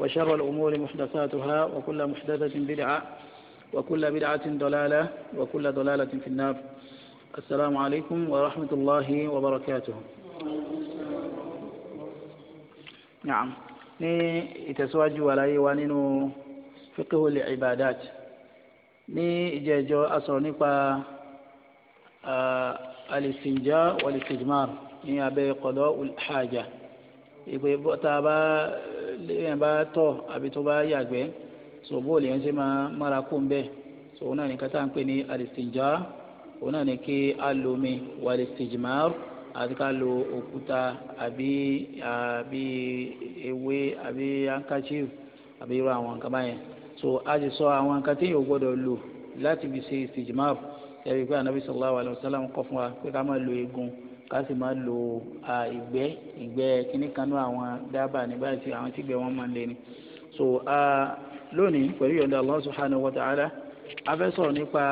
وشر الأمور محدثاتها وكل محدثة بدعة وكل بدعة ضلالة وكل ضلالة في النار السلام عليكم ورحمة الله وبركاته نعم ني تسواجي ولا يوانين فقه العبادات ني جاجو أصرني با الاستنجاء والاستجمار ني أبي قضاء الحاجة يبقى تابا lèèyàn bá tọ̀ àbí tó bá yàgbẹ́ so bóòlù yẹn ṣe máa mára kó ń bẹ̀ so òun náà ní kátà ń pè ní alistinja òun náà ní kí a lo omi wà alistijmar àti ká lo òkúta àbí àbí ewé àbí handkerchief àbí irú àwọn nǹkan báyẹn so a ti sọ àwọn nǹkan tí yóò gbọdọ̀ lò láti fi ṣe istijmar ẹ̀rí pé anabi sallallahu alayhi wa sallam kọ́ fún wa pé ká máa lo eegun ká sì máa lo ìgbẹ́ ìgbẹ́ kíní kanú àwọn dábàá ní báyìí sí àwọn tígbẹ́ wọn máa ń lé ni. so lónìí pẹ̀lú ìyọ̀ǹda Allah subhanahu wa ta'ala a fẹ́ sọ̀rọ̀ nípa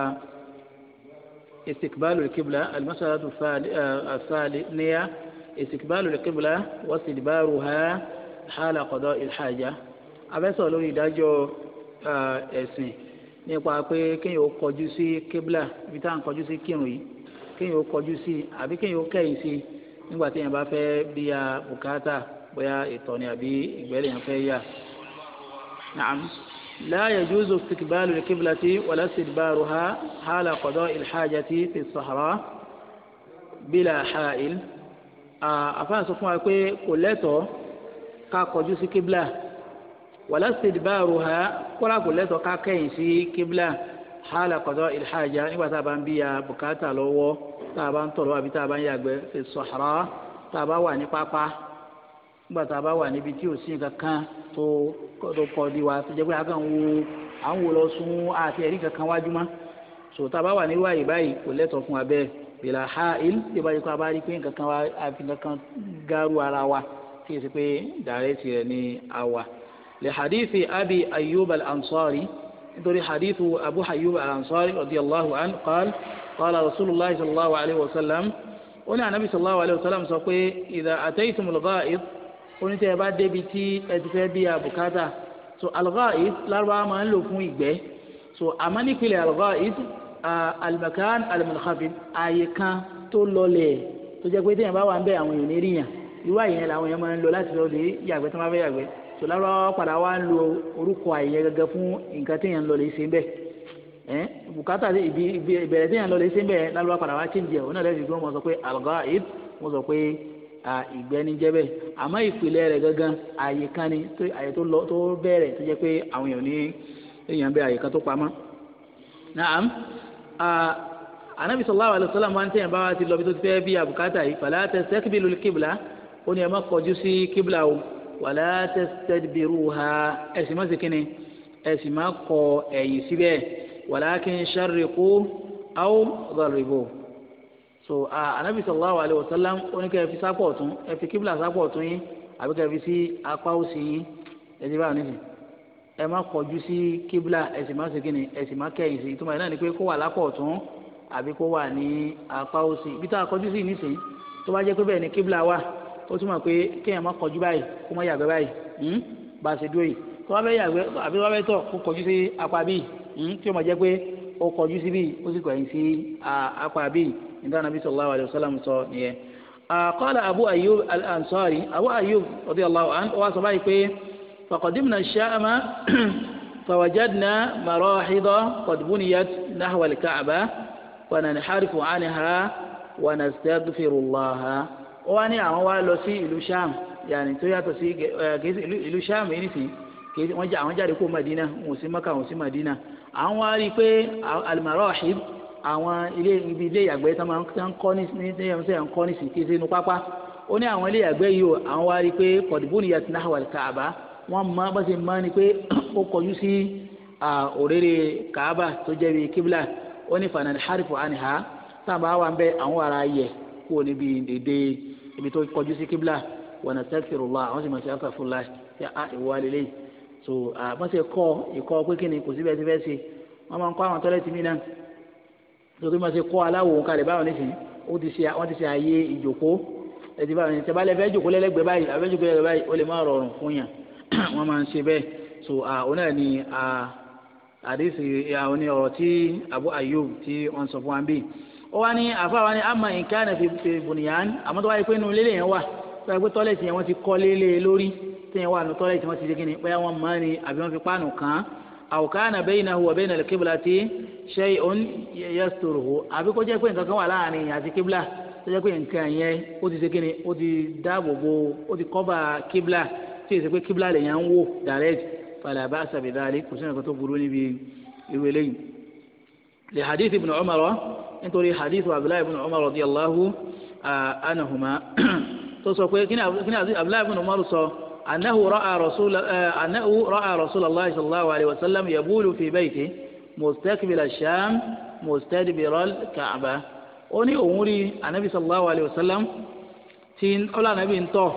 istikbalu kibla alimasalatu asali niya istikbalu kibla wasidibaru ha hala qada ilhaja a fẹ́ sọ̀rọ̀ lórí ìdájọ́ ẹ̀sìn nípa pé kéèyàn kọjú sí kibla ibi táwọn kọjú sí kírun yìí kéèyàn ó kọjú sí i àbí kéèyàn ó kẹ́yìn sí i nígbà téèyàn bá fẹ́ bí a bùkátà bóyá ìtọ̀ ni àbí ìgbẹ́lẹ̀ yẹn fẹ́ yà. naam la yajuzu istikbalu al-qiblati wala istidbaruha hala qada'i al-hajati fi sahara bila ha'il. àfáàsọ fún wa pé kò lẹ́tọ̀ọ́ ká kọjú sí kíbla wala istidbaruha kóra kò lẹ́tọ̀ọ́ ká kẹ́yìn sí kíbla hálà kọ̀dọ̀ ìlhàjà nígbà tá a bá ń bíya bùkátà lọ́wọ́ tá a bá ń tọ̀rọ̀ àbí tá a bá ń yàgbẹ́ fi sọ̀hárà tá a bá wà ní pápá nígbà tá a bá wà níbi tí ò sí nǹkan kan tó kọ́ di wa tó jẹ́ pé a kàn wo à ń wo lọ sún àti ẹ̀rí kankan wájú mọ́ so tá a bá wà nílùú àyè báyìí kò lẹ́tọ̀ fún wa bẹ́ẹ̀ bìlà ha il tí ìbá yìí kó a bá rí pé nǹkan kan àfi nǹkan gáru ara wa tí èsì pé dàrẹ́tì rẹ̀ ni a lè hadithi abi ayyub al-ansari nítorí hadithu abu hayyub al-ansari radiyallahu an qal qala rasulullah sallallahu alayhi wa sallam ó ní anabi sallallahu alayhi wa sallam sọ pé idha ataytum al-gha'id ó ní tẹ́ ẹ bá débi tí ẹ ti fẹ́ bí abukata so al-gha'id lárúbá máa ń lò fún ìgbẹ́ so àmọ́ nípìnlẹ̀ al-gha'id al-makan al-munkhafid ààyè kan tó lọlẹ̀ tó jẹ́ pé téèyàn bá wà ń bẹ àwọn èèyàn ní ríyàn irú àyè yẹn làwọn èèyàn máa ń lọ láti lọ lè yàgbẹ́ tó máa fẹ́ yàgbẹ́ tó lárúbáwá padà wá ń lo orúkọ àyè gẹ́gẹ́ fún nǹkan téèyàn ń lọ lè ṣe bẹ́ẹ̀ ẹ́ bùkátà ìbẹ̀rẹ̀ téèyàn lọ lè ṣe bẹ́ẹ̀ lárúbáwá padà wá change ẹ̀ òun náà lẹ́sìn tó mọ̀ sọ pé al-ghaib mo sọ pé ìgbẹ́ni àmọ́ ìpìlẹ̀ rẹ̀ gangan àyè kan ni àyè tó lọ tó bẹ̀rẹ̀ tó jẹ́ pé àwọn èèyàn ní èèyàn bẹ́ẹ̀ àyè kan tó pamọ́. naam anabi sallallahu alayhi wa sallam wa ntẹ̀yìn bá wa ti lọ bí tó ti fẹ́ bí àbùkátà yìí fala tastaqbilul qibla ó ní ẹ má kọjú sí kíbla o wàlá tastadbiruha ẹ̀sìn má ṣe kínni ẹ̀sìn má kọ ẹ̀yìn síbẹ̀ walakin sharriqu aw gharibu so anabi sallallahu alayhi wa sallam oníkẹ́ ẹ fi sápọ̀ ọ̀tún ẹ fi kíbla sápọ̀ ọ̀tún yín àbíkẹ́ ẹ fi sí apá òsì yín ẹ ti bá wọn nísìnyí ẹ má kọjú sí kíbla ẹ sì má segin ẹ sì má kẹ̀yìn sí ìtumọ̀ ẹ̀ ni pé kó wà lápá ọ̀tún àbí kó wà ní apá òsì ibi tá a kọjú sí nísìnyí tó bá jẹ́ pé bẹ́ẹ̀ ni kíbla wà ó túmọ̀ pé kéèyàn má kọjú báyìí kó má yàgbẹ́ báyìí hmm, bá a ṣe dúró yìí tó bá fẹ́ yàgbẹ́ àbí tó bá fẹ́ tọ̀ kó kọjú sí apá bíi hmm, tí ó máa jẹ́ pé ó kọjú sí bíi ó sì kọ̀yìn sí apá bíi nígbà nàbí sallallahu alaihi wasallam sọ nìyẹn. qala abu ayyub al-ansari abu ayyub radiyallahu anhu wa sọ báyìí pé faqadimna ash-shama fawajadna marahida qad buniyat nahwa ó wá ní àwọn wá lọ sí ìlú sham yàní tó yàtọ̀ sí eh, kèésì ìlú sham yìí nìsín kèésì wọ́n jà àwọn jáde kó madina wọ́n sí maka wọ́n sí madina àwọn wá rí i pé al-marahib àwọn ilé ibi ilé ìyàgbẹ́ tó máa ń kọ́ ní ní ẹ̀mọ́sẹ̀ ń kọ́ ní sí kèésì inú pápá ó ní àwọn ilé ìyàgbẹ́ yìí o àwọn wá rí i pé kọ̀dùbùnì yàtì náà wà káàbà wọ́n mọ bá ṣe mọ́ ni pé ó kọjú sí òrèrè káàbà tó jẹ́ bí kíbla ó ní fanan harifu anha táwọn bá wà ń bẹ àwọn ará yẹ kó níbi dèdè ibi tó kọjú sí kíbla wọn astaghfirullah àwọn sì máa ṣe astaghfirullah ṣe à ìwà lélẹ̀ so àmọ́ ṣe kọ́ ìkọ́ pé kíni kò síbẹ̀ ti fẹ́ ṣe wọ́n máa ń kọ́ àwọn tọ́lẹ́tì mí náà tó kí wọ́n ṣe kọ́ aláwo kalẹ̀ báwọn nísìnyí ó ti ṣe wọ́n ti ṣe àyè ìjòkó ẹtì báwọn nísìnyí tẹ́bálẹ̀ fẹ́ jòkó lẹ́lẹ́gbẹ̀ẹ́ báyìí àbẹ́jòkó lẹ́lẹ́gbẹ̀ẹ́ báyìí ó lè má rọrùn fún Abu Ayyub tí wọ́n sọ ó wá ní àfa wa ní ama nǹkan náà fi bùnìyàn àmọ́ tó wáyé pé inú lélẹ̀ yẹn wà tó wáyé pé tọ́lẹ̀tì yẹn wọ́n ti kọ́ lélẹ̀ lórí tí yẹn wà ní tọ́lẹ̀tì wọ́n ti ṣe kíni bóyá wọ́n mọ̀ ni àbí wọ́n fi páànù kàn án aw kana baynahu wa bayna al-qiblati shay'un yasturuhu àbí kó jẹ́ pé nǹkan kan wà láàrin àti kíbla tó jẹ́ pé nǹkan yẹn ó ti ṣe kíni ó ti bo ó ti kọ́ba kíbla tí èsì pé kíbla lèèyàn ń wò direct fala bi dhalik لحديث ابن عمر nítorí hadith abdullahi ibn umar radiyallahu anahuma tó sọ pé kí ni abdullahi ibn umar sọ anahu ra'a rasul anahu ra'a rasul allah sallallahu alayhi wa sallam yabulu fi bayti mustaqbil asham mustadbir al-ka'ba ó ní òun rí anabi sallallahu alayhi wa sallam tí ọlọ́ anabi ń tọ̀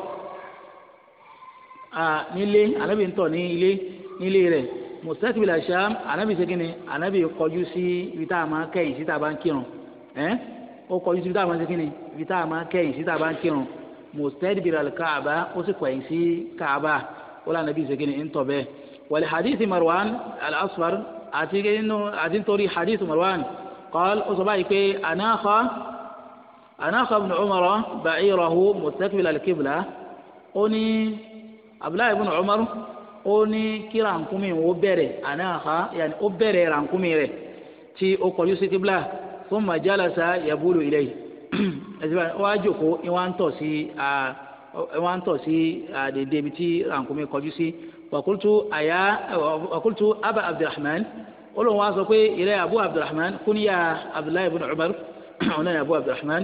nílé anabi ń tọ̀ ní ilé nílé rẹ̀ mustaqbil bila sham anabi segin anabi kọjú sí ibi tá a máa kẹ́yìn sí tá a bá ń kírun ẹ ó kọjú sí ibi tá a máa segin ibi tá a máa kẹ́yìn sí tá a bá ń kírun mustaqbil al-Kaaba ó sì kọ̀yìn sí Kaaba ó lànà bí segin ń tọ̀ bẹ́ẹ̀ wal hadith Marwan al-Asfar àti nínú àti nítorí hadith Marwan qala ó sọ báyìí pé anáfa anáfa ibn Umar ba'irahu mustaqbil al-qibla ó ní Abdullahi ibn Umar ó ní kí rànkúmí ó bẹ̀rẹ̀ àná àhá yàní ó bẹ̀rẹ̀ rànkúmí rẹ̀ tí ó kọjú sí kíbla fún màjálàsá yabulu ilẹ̀ yìí ẹ̀sìn báyìí wọ́n á jòkó wọ́n á ń tọ̀ sí àdèdè ibi tí rànkúmí kọjú sí wàkúltù àyà wàkúltù abba abdulrahman olóhùn wa sọ pé ilẹ̀ abu abdulrahman kúníyà abdullahi ibn umar ọ̀nà abu abdulrahman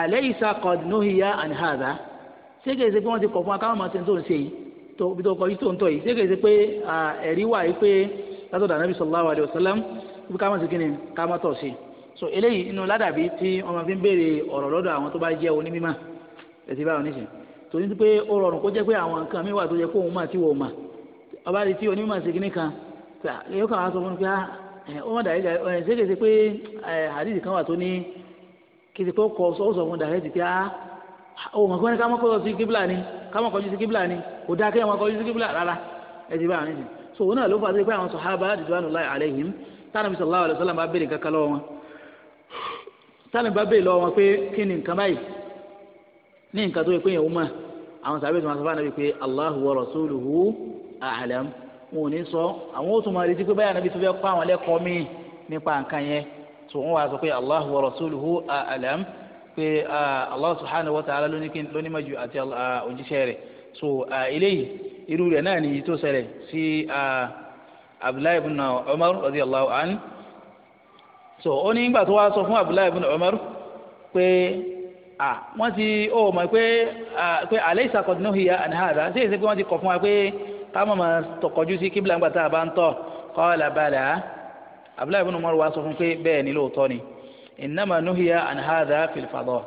alaysa qad nuhiya an hadha ṣé kèsì pé wọ́n ti kọ̀ fún wa káwọn máa ti ń tó ń ṣe yìí tó bí tó kọ yìí tó ń tọ̀ yìí ṣé kìí ṣe pé ẹ̀rí wà yìí pé látọ̀dọ̀ anábì sallallahu alaihi wasallam ibi ká má ṣe kíni ká má tọ̀ sí i so eléyìí inú ládàbí tí ọmọ fi ń béèrè ọ̀rọ̀ lọ́dọ̀ àwọn tó bá jẹ́ onímọ̀ ẹ̀sìn báwọn níṣẹ́ torí pé ó rọrùn kó jẹ́ pé àwọn nǹkan mi wà tó yẹ kó òun mà tí wọ́n mà ọba rí tí onímọ̀ ṣe kíní kan yóò kàn wá sọ fún mi pé ah, ó mọ̀ dàrí ṣé kìí ṣe pé àdìsí kan wà tó ní àwọn ọmọ gbọ́n ní ká mọ́ kọjú sí kíbla ni ká mọ́ kọjú sí kíbla ni kò dáa kéèyàn mọ́ kọjú sí kíbla rárá ẹ ti bá àwọn ẹ̀sìn so òun náà ló fà sí pé àwọn sọ̀hábà ridwanullahi alaihim tánàbí sallallahu alaihi wasallam bá béèrè kankan lọ́wọ́ wọn tánàbí bá béèrè lọ́wọ́ wọn pé kí ni nǹkan báyìí ní nǹkan tó yẹ pé yẹn wọ́n mọ̀ àwọn sàbẹ̀ tó máa sọ fáwọn pé Allahu wa rasuluhu a'lam wọn ò ní sọ àwọn ó tún máa retí pé báyà nàbí tó fẹ́ kọ́ àwọn lẹ́kọ̀ọ́ míì pé Allah subhanahu wa ta'ala lónímọ̀jù àti òjíṣẹ́ rẹ̀ so eléyìí irú rẹ̀ náà nìyí tó ṣẹlẹ̀ sí abdullahi ibn umar radiyallahu anhu so ó ní ìgbà tó wá sọ fún abdullahi ibn umar pé wọ́n ti ó mọ̀ pé pé alaysa qad nuhiya an hadha ṣé èsì pé wọ́n ti kọ̀ fún wa pé káwọn máa tọkọjú sí kíbla ńgbà tá a bá ń tọ̀ qala bala abdullahi ibn umar wá sọ fún pé bẹ́ẹ̀ ni lóòótọ́ ni innama nuhiya an hadha fil fada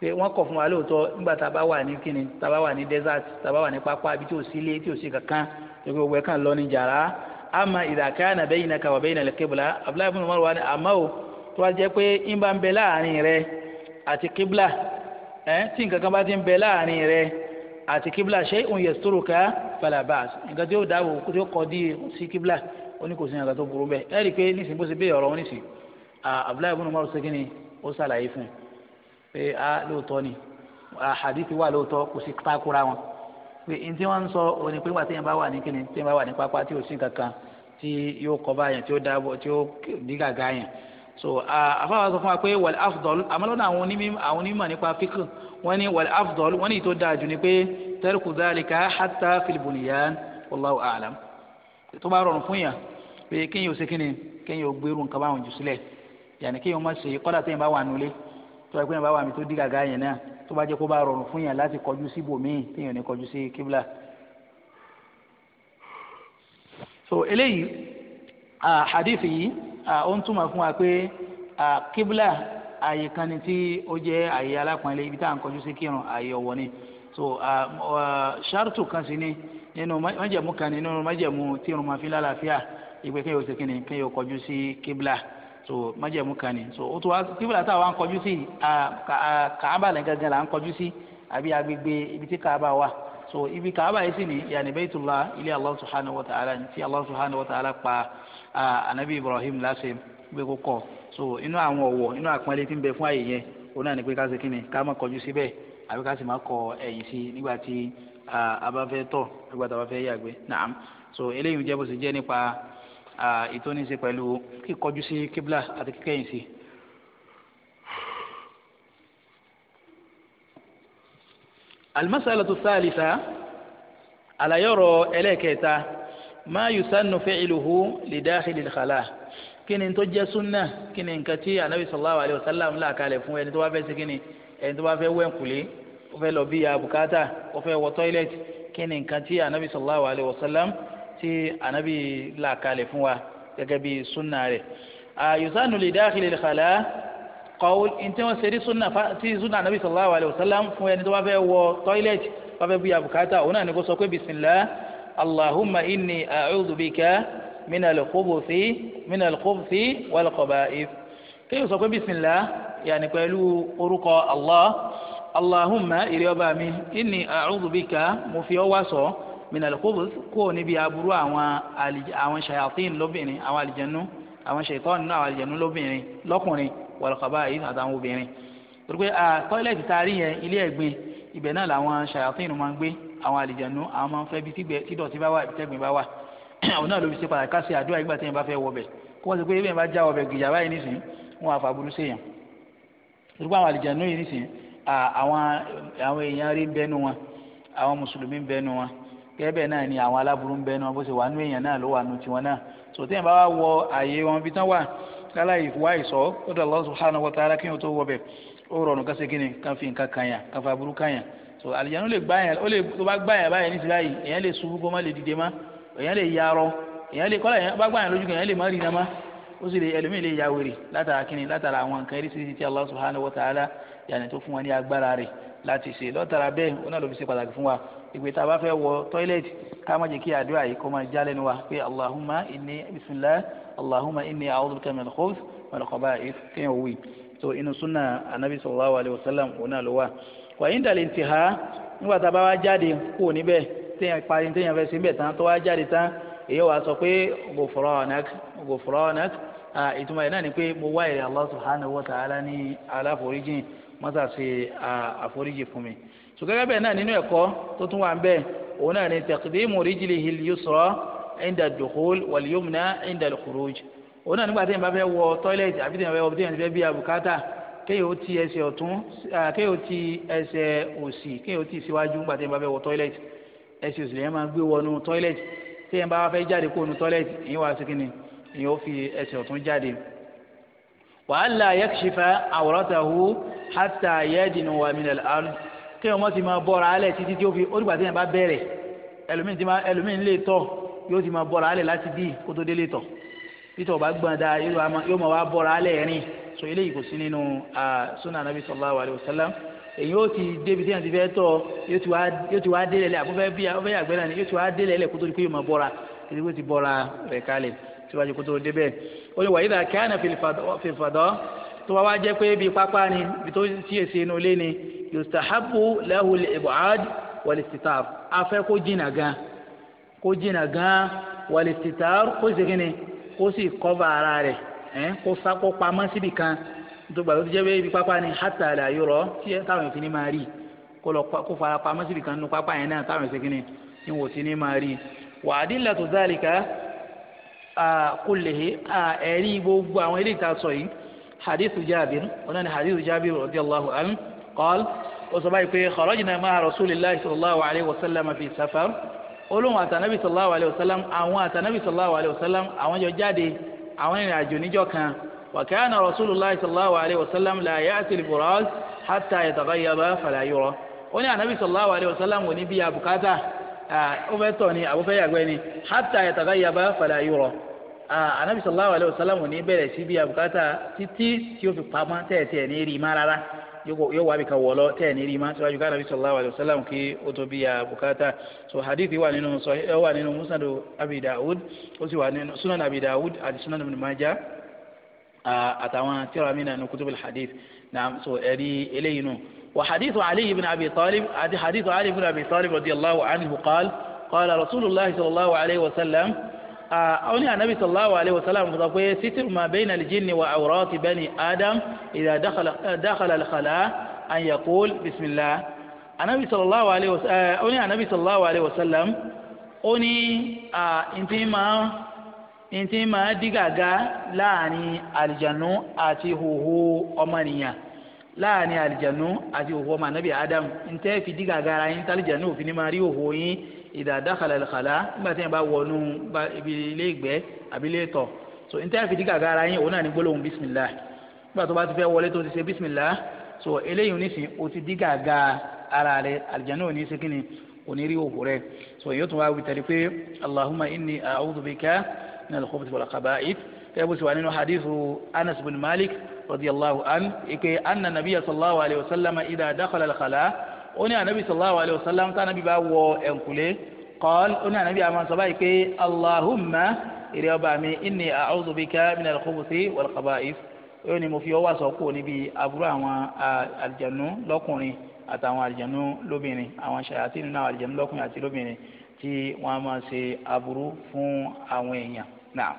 pé wọ́n kọ̀ fún wa lóòótọ́ nígbà tá a bá wà ní kíni tá a bá wà ní desert tá a bá wà ní pápá àbí tí ò sí ilé tí ò sí kankan ẹgbẹ́ gbogbo ẹ̀ lọ ní jàrá ama idha kana baynaka wa bayna al-qibla abdullahi ibn umar wa ni àmọ́ o tó wá jẹ́ pé ń bá ń bẹ láàrin rẹ àti kíbla ẹ tí nǹkan kan bá ti ń bẹ láàrin rẹ àti kíbla shay'un yasturuka fala ba's nǹkan tí ó dáàbò tí ó kọ́ di sí kíbla ó ní kò sí nǹkan tó burú bẹ́ẹ̀ ẹ rí i pé nísìnyí bó ṣe bẹ́ẹ̀ ọ̀rọ̀ wọn abdullahi ibn umar segin ni ó ṣàlàyé fún un pé a lóòótọ́ ni àhàdìtì wà lóòótọ́ kò sí takura wọn pé n tí wọ́n ń sọ òní pé wà téèyàn bá wà ní kíni téèyàn bá wà ní pápá tí ò sí kankan tí yóò kọ́ báyẹn tí ó dáàbò tí ó dí gàgá yẹn so àfáwà sọ fún wa pé wàl afdol àmọ́lọ́nà àwọn onímọ̀ àwọn onímọ̀ nípa fíkù wọ́n ní wàl afdol wọ́n ní ìtò dáa ni pé tẹ́rìkù dálíkà hàtà filibuniyan wallahu a'lam tó bá rọrùn fún yàn pé kéèyàn ò sí kéèyàn ò gbérù nǹkan báwọn jù sílẹ̀ yàní kéèyàn má ṣe kọ́dà téèyàn bá wà nulẹ̀ tó yẹ kéèyàn bá wà mí tó dí gàgá yẹn náà tó bá jẹ́ kó bá rọrùn fún yàn láti kọjú sí bòmíì téèyàn ní kọjú sí kíbla. so eléyìí hadith yìí ó ń túmọ̀ fún wa pé kíbla àyè kan ni tí ó jẹ́ àyè alápọ̀nlé ibi tá à ń kọjú sí kírun àyè ọ̀wọ̀ ni so ṣáàtù kan sí ni nínú májẹ̀mú kan nínú májẹ̀mú tí irun máa fi lálàáfíà ìgbé kéèyàn ó ṣe kíni kéèyàn ó kọjú sí kíbla so májẹ̀mú kan ni so ó tó wá kíbla tá a wá ń kọjú sí kàába lẹ́yìn gangan là ń kọjú sí àbí agbègbè ibi tí kàába wà so ibi kàába yìí sì ni yàní baytullah ilé allah subhanahu wa ta'ala ni tí allah subhanahu wa ta'ala pa anabi ibrahim láṣẹ gbé kó kọ́ so inú àwọn ọ̀wọ̀ inú àpọ́nlé tí ń bẹ fún àyè yẹn òun náà ni pé ká ṣe kíni ká má kọjú síbẹ̀ àbí ká sì má kọ ẹ̀yìn sí nígbà tí a tọ̀ nígbà tí a bá fẹ́ so eléyìí jẹ́ bó ṣe jẹ́ nípa ètò ní í ṣe pẹ̀lú kíkọjú sí kíbla àti kíkẹ́yìn sí. almasalatu thalitha àlàyọ̀rọ̀ ẹlẹ́ẹ̀kẹta ma yusannu fi'luhu li dakhil al-khala kíni tó jẹ́ sunna kíni nǹkan tí anabi sallallahu alayhi wa sallam là kalẹ̀ fún ẹni tó bá fẹ́ ṣe kíni ẹni tó bá fẹ́ wẹ̀nkulé ó fẹ́ ya bùkátà ó fẹ́ wọ tọ́ílẹ̀tì kíni nǹkan anabi sallallahu alayhi wa sallam tí anabi là kalẹ̀ fún wa gẹ́gẹ́ bí sunna rẹ̀ yusanu lè dáhìlì lẹ́kàlá kọ́wé ntí wọ́n ṣe rí sunna tí sunna anabi sallallahu alayhi wa sallam fún ẹni tó bá fẹ́ wọ tọ́ílẹ̀tì bá fẹ́ bí abukata òun náà ni kó sọ pé bisimilah allahumma inni a'udhu bika min al-khubuthi min al-khubuthi wal-khaba'ith sọ pé bisimilá yàní pẹ̀lú orúkọ allah allahumma ìrẹ́ ọba mi inni a'udhu mo fi ọ́ wá sọ minal khubus kó níbi aburú àwọn àwọn shayatin lóbìnrin àwọn àlìjẹnu àwọn shaitan nínú àwọn àlìjẹnu lóbìnrin lọ́kùnrin wal khaba'ith àtàwọn obìnrin torí pé tọ́ílẹ̀tì taari yẹn ilé ẹ̀gbin ibẹ̀ náà làwọn shayatin máa ń gbé àwọn àlìjẹnu àwọn máa ń fẹ́ bí tídọ̀tí bá wà tẹ́gbin bá wà àwọn náà ló fi ṣe pàtàkì ká ṣe àdúrà nígbà tí yẹn bá fẹ́ wọ bẹ̀ kó wọ́n ti àwọn èèyàn rí bẹnu wọn àwọn mùsùlùmí bẹnu wọn kẹ́bẹ̀ náà ni àwọn aláburú ń bẹ náà bó ṣe wà nú èèyàn náà ló wà nú tiwọn náà sòtẹ́ ìbá wa wọ àyè wọn bí tán wà lálá ìwà ìsọ ó dà Allah subhanahu wa ta'ala kí wọn tó wọbẹ̀ ó rọrùn kásẹ̀ kí ni ká fi nǹkan kan yàn so àlìjánu lè gbá yàn ó lè tó bá gbá yàn báyẹn ní tìláyì èèyàn lè ṣubú kó má lè dìde má èèyàn lè yarọ èèyàn lè kọ́lá yàn bá gbá yàn lójú kan èèyàn lè má rí iná má ó sì lè subhanahu wa ta'ala yàrá tó fún wa ní agbára rẹ̀ láti ṣe lọ́tara bẹ́ẹ̀ ó náà ìgbé tá a bá fẹ́ wọ tọ́ílẹ̀tì ká má jẹ́ kí àdúrà yìí kó máa jálẹ̀ ní wa pé allahumma inni bisimilah allahumma inni a'udhu bika min al-khubuth wal khaba'ith kéèyàn wí so inú súnà anabi sallallahu alayhi wa sallam òun náà ló wà. wà ní ìdàlẹ̀ ntì ha nígbà tá a bá wá jáde kúrò níbẹ̀ téèyàn parí téèyàn fẹ́ sí níbẹ̀ tán tó wá jáde tán èyí wàá sọ pé ghufranak ghufranak ìtumọ̀ yìí náà ni pé mo wá ìrẹ̀ allah subhanahu wa ta'ala ní aláforíjìn mọ́tà àforíjì fún mi sùgẹ́gẹ́ bẹ́ẹ̀ náà nínú ẹ̀kọ́ tó tún wà ń bẹ́ẹ̀ òun náà ni taqdimu rijlihi al-yusra inda al-dukhul wal-yumna inda al-khuruj òun náà nígbà tí yẹn bá fẹ́ wọ tọ́ílẹ̀tì àbí tí yẹn fẹ́ bí abùkátà kéèyàn ó ti ẹsẹ̀ ti ẹsẹ̀ òsì kéèyàn ti síwájú nígbà tí yẹn fẹ́ wọ tọ́ílẹ̀tì ẹsẹ̀ òsì lèyàn máa gbé wọnú tọ́ílẹ̀tì tí yẹn bá fẹ́ jáde kó wa min al kéèyàn mọ́ ti máa bọ́ra alẹ̀ títí tí ó fi onígbà tí yẹn bá bẹ̀rẹ̀ ẹlòmíín ti máa ẹlòmíín lè tọ̀ yóò ti máa bọ́ra alẹ̀ láti bí kó tó délé tọ̀ títọ̀ bá gbọ̀n da yóò máa wá bọ́ra alẹ̀ rìn so eléyìí kò sí nínú sunna anabi sallallahu alayhi wa sallam èyí yóò ti débi tí yẹn ti fẹ́ tọ̀ yóò ti wá délé lẹ̀ àbúfẹ́ bí àbúfẹ́ yàgbẹ́ náà ni yóò ti wá délé lẹ̀ kó tó di pé yóò máa bọ́ra tó bá wá jẹ́ pé bíi pápá ni bí tó sì èsì inú ilé ni yustahabu lahul ibuad walistitar afẹ́ kó jìnnà gan kó jìnnà gan walistitar kó sì kíni kó sì kọ́va ara rẹ̀ ẹ̀ kó sákó pamọ́ síbi kan tó gbà tó jẹ́ pé bíi pápá ni hatta la yura tí táwọn ìfini máa rí kó lọ kó fara pamọ́ síbi kan nínú pápá yẹn náà táwọn ìfini ni wò sí ni máa rí wa adillatu dhalika kullihi ẹ̀rí gbogbo àwọn ilé ìta sọ yìí. حديث جابر ونحن حديث جابر رضي الله عنه قال وصبايك خرجنا مع رسول الله صلى الله عليه وسلم في سفر olóhùn àtànábì sallallahu alayhi wa sallam àwọn àtànábì sallallahu alayhi wa sallam àwọn jọ jáde àwọn ìrìn àjò níjọ kan wa kana rasulillah sallallahu alayhi wa sallam la ya'ti al-buraz hatta yataghayyaba fala yura ó ní ànábì sallallahu alayhi wa sallam wò ní bí abukata ó fẹ́ tọ̀ ni àbúfẹ́ yàgbẹ́ ni hatta yataghayyaba fala yura anabi sallallahu alayhi wa sallam ní bẹ̀rẹ̀ sí bí abukata títí tí ó fi pamọ́ tẹ̀sí ẹ̀ ní rí ma rárá yóò wá bí ka wọlọ tẹ̀ ní rí ma síwájú ká anabi sallallahu alayhi wa sallam kí ó tó bí abukata so hadithi wà nínú sọ wà nínú musnadu abi dawud ó sì wà nínú sunan abi dawud àti sunan ibn majah àtàwọn tíra mi nínú kutubul hadith na so ẹ̀rí eléyìí nù وحديث علي بن أبي طالب حديث علي بن أبي طالب رضي الله عنه قال قال رسول الله صلى الله عليه وسلم àwọn ah, ní anabi sallallahu alayhi wa sallam sọ pé sitiru ma bayna al-jinni wa awrati bani adam idha dakhala al-khala an yaqul bismillah anabi sallallahu alayhi wa sallam àwọn eh, ní anabi sallallahu alayhi wa sallam ó ní ah, ntí máa ntí máa dí gàgá láàrin àlìjánu àti huhu ọmọnìyàn láàrin àlìjánu àti huhu ọmọ anabi adam ntẹ́ fi dí gàgá ara yín tálìjánu òfin ni máa rí huhu yín ìdàdàkàlà ìkàlà nígbà tí yẹn bá wọnú ibi ilé ìgbẹ́ àbí ilé ìtọ̀ so ní táyà fìdí gàgà ara yín òun náà ní gbólóhùn bisimilah nígbà tó bá ti fẹ́ wọlé tó ti ṣe bisimilah so eléyìí onísìn o ti dí gàgà ara rẹ àlìjáná òní ṣe kíni òní rí òkú rẹ so èyí ó tún wá wí tẹ̀lé pé allahumma inni a'udhu bika min al-khubuthi wal khaba'ith kẹ́ bó ṣe wà nínú hadithu anas bin malik radiyallahu an ike anna nabiyya sallallahu alayhi wa sallam idha dakhala al ó ní anabi sallallahu alayhi wa sallam tí anabi bá wọ ẹ̀ǹkùlé qal ó ní anabi àmà sọ báyìí pé allahumma ìrẹ́ ọba mi inni a'udhu bika min al-khubuthi wal khaba'ith ó ní mo fi ọwọ́ àṣọ kúrò níbi aburú àwọn àlìjànú lọ́kùnrin àtàwọn àlìjànú lóbìnrin àwọn ṣàyàtì nínú àwọn àlìjànú lọ́kùnrin àti lóbìnrin tí wọ́n máa ṣe aburú fún àwọn èèyàn náà.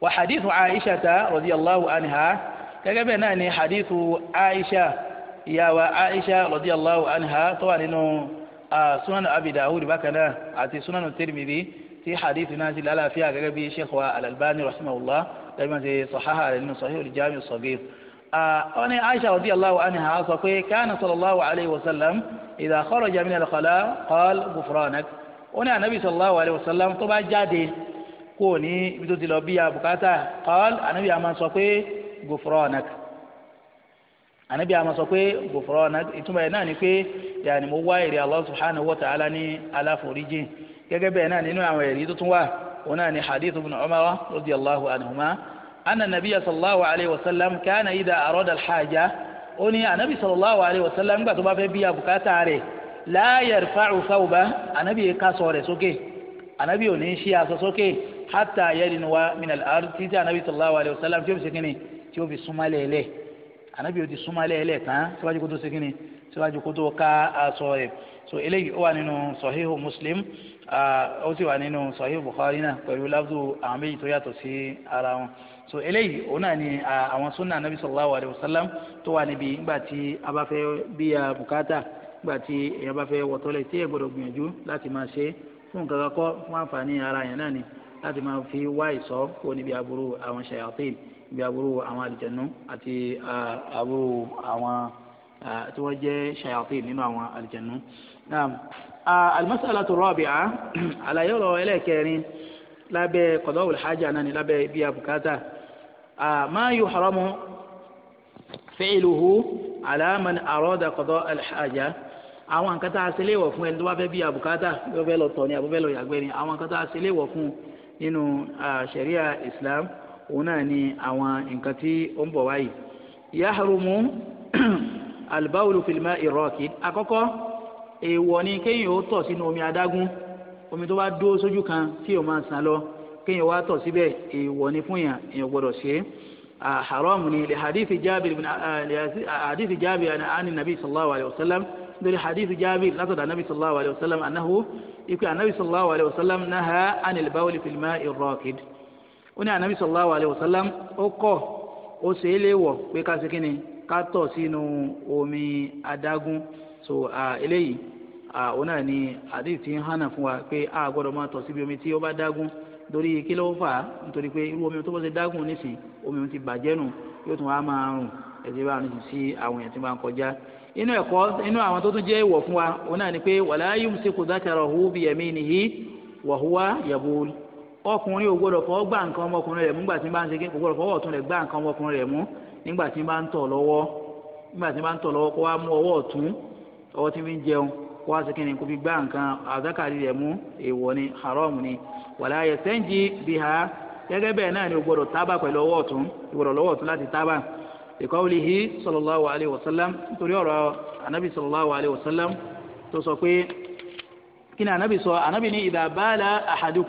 wa hadithu aisha radiyallahu anha gẹ́gẹ́ bẹ́ẹ̀ náà ni hadithu aisha ìyàwó aisha radiyallahu anha tó wà nínú sunan abi dawud bákanná àti sunan tirmidhi tí hadithi náà ti lálàáfíà gẹ́gẹ́ bí sheikh wa alalbani rahimahullah gẹ́gẹ́ bí sahaha rẹ̀ nínú sahih al-jami as-saghir. wọ́n ní aisha radiyallahu anha sọ pé kánà sallallahu alayhi wa sallam idha kharaja min al-khala qala ghufranak. wọ́n ní anabi sallallahu alayhi wa sallam tó bá jáde kó ní ibi tó ti lọ anabi àmà sọ pé ghufranak ànábì àmọ́ sọ pé gbòfòrò ìtumọ̀ ẹ̀ náà ni pé yàní mo wá èrè Allah subhanahu wa ta'ala ní aláforíjì gẹ́gẹ́ bẹ́ẹ̀ náà nínú àwọn èrè tó tún wà òun náà ni hadith ibn Umar radiyallahu anhuma anna nabiyya sallallahu alayhi wa sallam kana idha arada alhaja ó ní ànábì sallallahu alayhi wa sallam nígbà tó bá fẹ́ bí abùkátà rẹ̀ la yarfa'u thawba ànábì e ká sọ rẹ̀ sókè ànábì ò ní ṣí aṣọ sókè hatta yadnuwa min al-ard títí ànábì sallallahu alayhi wa sallam tí ó fi ṣe tí ó fi súnmọ́ lẹ́lẹ́ anabi o ti súnmọ́ alẹ́ ẹlẹ́ tán síwájú kó tó ṣe kínní síwájú kó tó so eléyìí ó wà nínú sọ̀híhù muslim ó sì wà nínú sọ̀híhù bukhari na pẹ̀lú lábdù àwọn méjì tó yàtọ̀ sí ara wọn so eléyìí òun náà ni àwọn sunna anabi sallallahu alayhi wa sallam tó wà níbi nígbà tí a bá fẹ́ bíya bùkátà nígbà tí èèyàn bá fẹ́ wọ̀tọ́lẹ̀ ṣe fún nǹkan kan kọ́ fún ara yẹn náà ni láti máa fi wá ìsọ́ kó níbi aburú àwọn ṣàyàtìn bí aburú àwọn àlìjẹnu àti aburú àwọn tí wọ́n jẹ́ ṣayàfín nínú àwọn àlìjẹnu. al-mas'alatu rabi'a àlàyé ọ̀rọ̀ ẹlẹkẹrin lábẹ́ qada'ul haja náà lábẹ́ bí abukata ma yuhramu fi'luhu ala man arada qada'al haja àwọn nǹkan tá a ṣe léèwọ̀ fún ẹni tó bá fẹ́ bí abukata bí fẹ́ lọ tọ̀ ni àbúfẹ́ lọ yàgbẹ́ ni àwọn nǹkan tá ṣe fún nínú ṣẹ̀ríà Islam. òun náà ni àwọn nǹkan tí ó ń bọ̀ wáyìí yahrumu albawlu filma iraki àkọ́kọ́ èèwọ̀ ni kéèyàn ó tọ̀ sínú omi adágún omi tó bá dúró sójú kan tí yóò máa sàn lọ kéèyàn wá tọ̀ síbẹ̀ èèwọ̀ ni fún yàn èèyàn gbọ́dọ̀ ṣe é haram ni li hadithi jabir bin hadithi jabir ani nabi sallallahu alaihi wasallam lórí hadithi jabir látọ̀dọ̀ anabi sallallahu alaihi wasallam anahu ikú anabi sallallahu alaihi wasallam naha anil bawli filma ó ní anabi sallallahu alayhi wa sallam ó kọ̀ ó ṣe é léèwọ̀ pé ká ṣe kíni ká tọ̀ sínú omi adágún so eléyìí òun náà ni àdéhùn ti ń hànà fún wa pé a gbọ́dọ̀ máa tọ̀ síbi omi tí ó bá dágún torí kí ló fà á nítorí pé irú omi tó bá ṣe dágún nísìnyí omi ti bàjẹ́ nù yóò tún wá máa rùn ẹ̀jẹ̀ bá rùn sí àwọn èèyàn tí wọ́n kọjá inú ẹ̀kọ́ inú àwọn tó tún jẹ́ ìwọ̀ fún wa òun náà ni pé wàlá yumsiku dhakarahu biyaminihi wa huwa yabul ọkùnrin ò gbọdọ̀ fọwọ́ gbá nǹkan ọmọkùnrin rẹ̀ mú nígbà tí ń bá ń ṣe kí kò gbọdọ̀ fọwọ́ ọ̀tún rẹ̀ gbá nǹkan ọmọkùnrin rẹ̀ mú nígbà tí ń bá ń tọ̀ lọ́wọ́ nígbà tí ń bá ń tọ̀ lọ́wọ́ kó wá mú ọwọ́ ọ̀tún ọwọ́ tí ń fi ń jẹun kó wá ni kó fi ni haram ni wàlá ayẹ sẹ́ńjì gẹ́gẹ́ bẹ́ẹ̀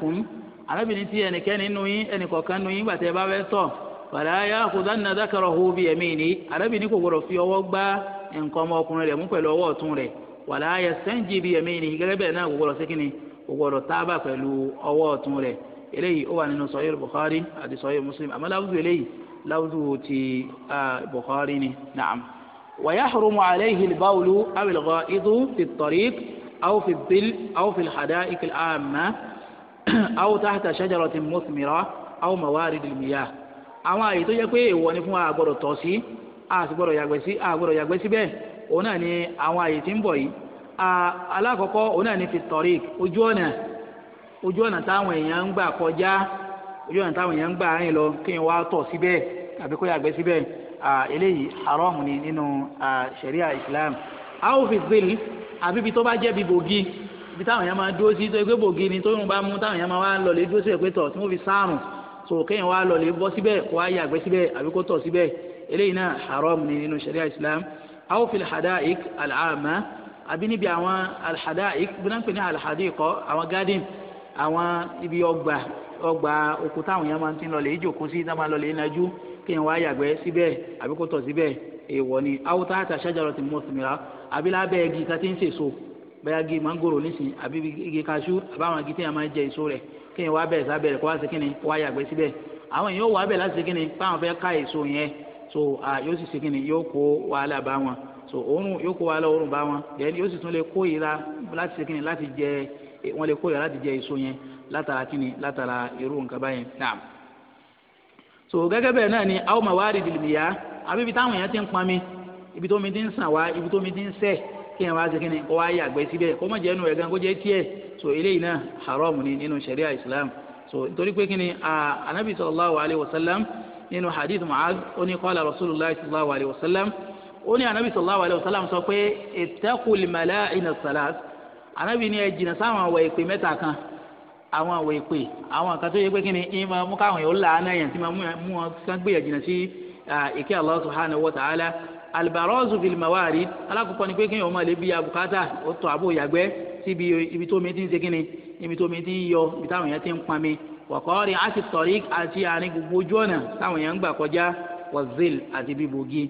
ni ò arábìnrin tí ẹnikẹ́ni nínú yín ẹnìkọ̀ọ̀kan nínú yín gbàtẹ́ bá fẹ́ tọ̀ hu bí dhakarahu ni arábìnrin kò gbọdọ̀ fi ọwọ́ gbá nǹkan ọmọkùnrin rẹ̀ mú pẹ̀lú ọwọ́ ọ̀tún rẹ̀ wàlá yastanji biyamini gẹ́gẹ́ bẹ́ẹ̀ náà kò gbọdọ̀ sí kínni kò gbọdọ̀ tábà pẹ̀lú ọwọ́ ọ̀tún rẹ̀ eléyìí ó wà nínú sọ̀yẹ́ Bukhari àti sọ̀yẹ́ Muslim àmọ́ láwùjọ eléyìí láwùjọ ti Bukhari ni naam. ويحرم عليه البول أو الغائط في awụta tahta shajaratin muthmira aw mawaridil miyah àwọn àyè tó yẹ pé èèwọ̀ ni fún wa àgbọ̀dọ̀ tọ̀ sí àgbọ̀dọ̀ yàgbẹ́ sí àgbọ̀dọ̀ yàgbẹ́ síbẹ̀ òun ni àwọn ayi tí ń bọ̀ yìí alákọ̀ọ́kọ́ ni fi tariq ojú ọ̀nà ojú ọ̀nà táwọn èèyàn ń gbà kọjá ojú lọ ni nínú sharia islam aw fi zil abibi tó bá ibi táwọn yẹn máa dúró sí tó ẹgbẹ́ bògì ni tóyún bá mú táwọn yẹn máa wá lọlé dúró sí ẹgbẹ́ tọ̀ tí wọ́n fi sáàrùn tó kéèyàn wá lọlé bọ́ síbẹ̀ kó wá yàgbẹ́ síbẹ̀ àbí kó tọ̀ síbẹ̀ eléyìí náà haram ni nínú sharia islam aw fil hadaik al'ama àbí níbi àwọn alhadaik bí wọ́n ń pè ní alhadikọ àwọn garden àwọn ibi ọgbà ọgbà oko táwọn yẹn máa ti lọlé ìjòkó sí táwọn máa lọlé nájú kéèyàn wá yàgbẹ́ síbẹ̀ àbí kó tọ̀ síbẹ̀ èèwọ̀ ni bóyá igi mangoro nísìnyí àbí igi kaṣú àbáwọn igi téèyàn máa jẹ èso rẹ̀ kéèyàn wá bẹ̀rẹ̀ sábẹ̀ rẹ̀ kó wá sí kíni kó wá yàgbẹ́ síbẹ̀ àwọn èèyàn wà bẹ̀ láti ṣe báwọn fẹ́ ká èso yẹn so yóò sì ṣe kíni yóò kó wàhálà bá wọn so òórùn yóò kó wàhálà òórùn bá wọn then yóò sì tún lè kó ìra láti ṣe kíni láti jẹ e, wọn lè kó ìra láti jẹ èso yẹn látara kíni látara irú nǹkan báyẹn naam so gẹ́gẹ́ bẹ́ẹ̀ ni àwọn màwárí dìlìmìyà àbí ibi táwọn èèyàn ti ń pami ibi tó mi kí ẹ wá segin ni kó wá yàgbẹ́ síbẹ̀ kó má jẹ́ ẹnu rẹ̀ kó jẹ́ tiẹ̀ so eléyìí náà haram ni nínú sharia islam so torí pé kí ni anabi sallallahu alayhi wa sallam nínú hadith mu'adh ó ní qala rasulillah sallallahu alayhi wa sallam ó ní anabi sallallahu alayhi wa sallam sọ pé ittaqul mala'ina salat anabi ni ẹ jìnnà sáwọn àwọ̀ èpè mẹ́ta kan àwọn àwọ̀ èpè àwọn kan tó yẹ pé kí ni ìmọ̀ mú káwọn yòó là á náà yẹn tí mo mú wọn kí wọ́n gbé alibarazu fil mawari alakoko ni pé kéèyàn máa lè bí abukata ó tọ àbò yàgbẹ́ síbi ibi tó mi ti ń segin ni ibi tó mi ti ń yọ ibi táwọn èèyàn ti ń pami wàkọ́ọ̀rì àti tọ̀rí àti àárín gbogbo ojú ọ̀nà táwọn èèyàn ń gbà kọjá wazil àti bíbogi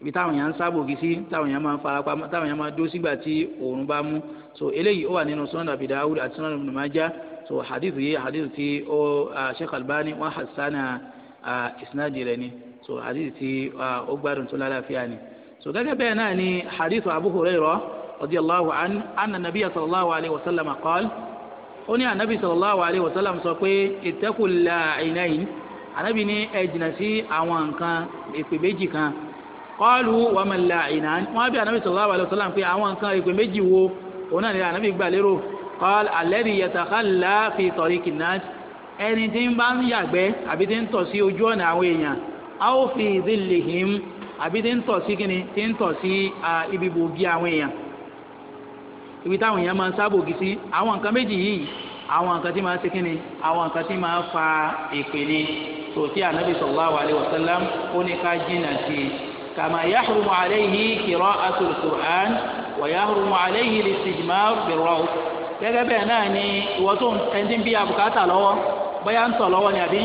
ibi táwọn èèyàn ń sábògi sí táwọn èèyàn máa ń farapamọ́ táwọn èèyàn máa dó sígbà tí oòrùn bá mú so eléyìí ó wà nínú sunan abi dawud àti sunan ibn majah so hadith yìí hadith tí ó sheikh albani wọn hasana isnadi rẹ ni so hadith tí ó gbádùn tó lálàáfíà ni so gẹ́gẹ́ bẹ́ẹ̀ náà ni hadith abu hurairah radiyallahu an anna nabiya sallallahu alayhi wa sallam qaal ó ní anabi sallallahu alayhi wa sallam sọ pé ittaqula ainain anabi ní ẹ jìnnà sí àwọn nǹkan èpè méjì kan qalu wa man la ainan wọ́n bí anabi sallallahu alayhi wa sallam pé àwọn nǹkan èpè méjì wo òun náà ni anabi gbà lérò qaal alladhi yatakhalla fi tariqin nas ẹni tí ń bá ń yàgbẹ́ àbí tí ń tọ̀ sí ojú ọ̀nà àwọn èèyàn aw fi dhillihim àbí tí ń tọ̀ sí kíni tí ń tọ̀ sí ibi bòógì àwọn èèyàn ibi táwọn èèyàn máa ń sábòógì sí àwọn nǹkan méjì yìí àwọn nǹkan tí máa ṣe kíni àwọn nǹkan tí máa fa ìpele tòtí ànábì wasallam ó ní ká jìnnà sí kama yahrumu alayhi qira'atul Qur'an wa yahrumu alayhi al-istijmar bir-rawd gẹ́gẹ́ náà ni ẹni bí lọ́wọ́ ń tọ̀ lọ́wọ́ ni àbí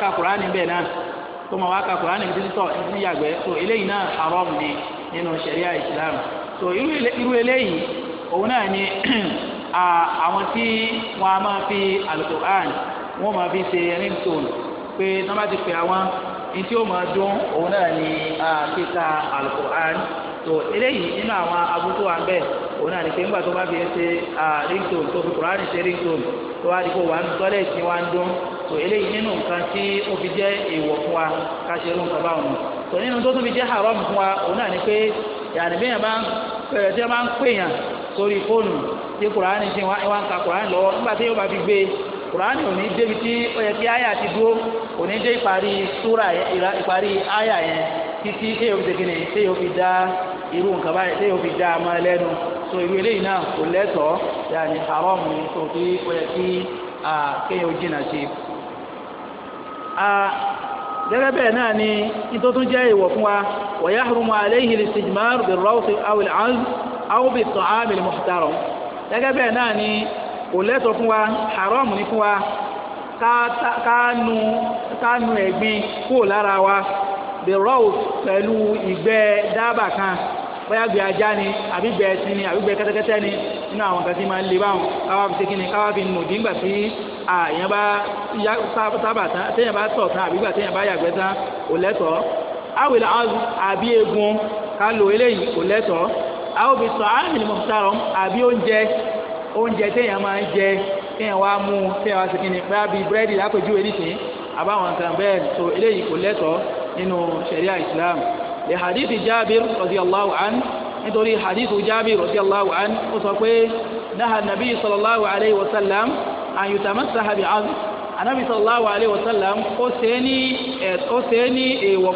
ka Qur'an bẹ́ẹ̀ náà tó máa wá ka kùránì títí tọ̀ títí yàgbẹ́ tó eléyìí náà haram ni nínú ṣẹ̀ríà ìsìlámù tó irú eléyìí òun náà ni àwọn tí wọ́n á máa fi alukur'an wọ́n máa fi ṣe ringtone pé tọ́ba ti pè àwọn ntí ó máa dún òun náà ni kíka alukur'an tó eléyìí nínú àwọn abúlé wa ń bẹ òun náà ni pé nígbà tó bá fi ṣe ringtone tó fi kùránì ṣe ringtone tó wá di kó wà ń tọ́lẹ̀ tí wọ́n á dún. tó eléyìí nínú nǹkan tí ó fi jẹ́ èèwọ̀ fún wa ká ṣe irú nǹkan báwọn tó nínú tó tún fi jẹ́ haram fún wa òun náà ni pé yàrá bá tí a bá ń pè yàn sórí fóònù tí kùránì ṣe wá ń ka kùránì lọ nígbà tí yóò bá fi gbé e, ò ní débi tí ti dúró ní dé ìparí súrà ìparí aya yẹn títí tí yóò fi tí yóò fi dá irú nǹkan báyìí tí yóò fi dá ọmọ ẹlẹ́nu irú haram ni tó fi ó yẹ kí kéèyàn gẹ́gẹ́ bẹ́ẹ̀ náà ni nítorí tún jẹ́ ìwọ̀ fún wa wa yahrumu alayhi al-istijmar bil-rawth aw al-'azl aw bit-ta'am al-muhtaram gẹ́gẹ́ bẹ́ẹ̀ náà ni kò lẹ́tọ̀ fún wa haram ni fún wa ká ẹ̀gbin kúrò lára wa bil-rawth pẹ̀lú ìgbẹ́ dábà kan bóyá gbé ajá ni àbí gbé ẹṣin ni àbí gbé kẹ́tẹ́kẹ́tẹ́ ni nínú àwọn kan máa ń le báwọn káwá fi ṣe kí ni káwá fi nù dígbà tí àyàn bá ya sábà tán téèyàn bá tọ̀ tán àbí gbà téèyàn bá yàgbẹ́ tán kò lẹ́tọ̀ọ́ àwìlà àbí egun ká lo eléyìí kò lẹ́tọ̀ọ́ àwọn òbí sọ àmì ni mo fi sára àbí oúnjẹ oúnjẹ téèyàn máa ń jẹ téèyàn wá mú téèyàn wá sí kíni bá bíi búrẹ́dì lápèjúwe nìsín àbáwọn nǹkan bẹ́ẹ̀ tó eléyìí kò lẹ́tọ̀ọ́ nínú ṣẹ̀ríà Islam lè hadithi Jabir radiyallahu an nítorí hadithu Jabir radiyallahu an ó sọ pé náà nàbí sallallahu alayhi wa sallam àyùtàmọ́sá àbí àwọn anábì sallallahu alaihi wasallam ó ṣe wa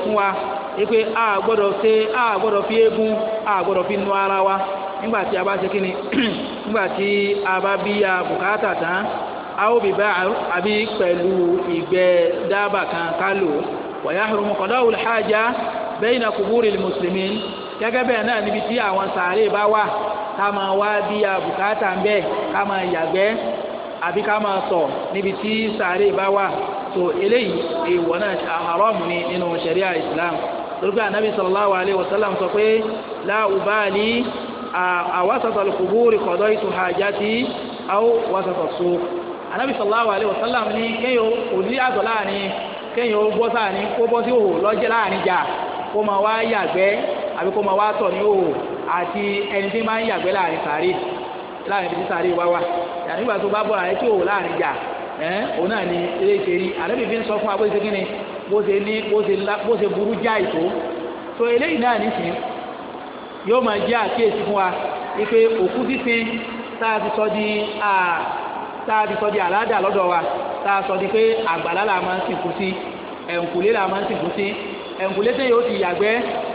pé a gbọ́dọ̀ ṣe a gbọ́dọ̀ fi a gbọ́dọ̀ fi nu ara a ba ṣe kíni nígbà a bá bí a bùkátà a kan ká wa yahrumu haja bayna kuburi musulmin gẹ́gẹ́ bẹ́ẹ̀ náà níbi tí àwọn sàárè bá wà ká máa wá bí a àbí ká máa sọ níbi tí sàárè bá wà tó eléyìí èèwọ̀ náà àhàrọ́mù ni nínú sẹ̀ríà islam lórúkọ anabi sallallahu alayhi wa sallam sọ pé láwùbáàlì àwàsàtàlù kùbúrì kọ̀dọ̀ ìtù hajati àwọn wàsàtàṣó anabi sallallahu alayhi wa sallam ní kéèyàn kò ní àtọ̀ láàrin kéèyàn ó bọ́ sáàrin kó bọ́ sí òhò lọ́jẹ́ láàrin jà kó máa wá yàgbẹ́ àbí kó máa wá tọ̀ ní òhò àti ẹni tí máa ń yàgbẹ́ láàrin sàárè láàrin ibi tí sàárè wá wà yàrá nígbà tó bá bọ̀ àyè tí ò láàrin jà ẹ̀ òun náà ni eré ìṣeré ànábì fi ń sọ fún wa bó ṣe kí ni bó ṣe ní bó ṣe burú já ètò tó eléyìí náà nísìnyí yóò máa jẹ́ àkíyèsí fún wa wípé òkú sísìn tá a ti sọ di tá a ti sọ di àládà lọ́dọ̀ wa tá a sọ di pé àgbàlá la máa ń sìnkú sí ẹ̀ǹkùlé la máa ń sìnkú sí ẹ̀ǹkùlé tẹ́ yóò ti yàgbẹ́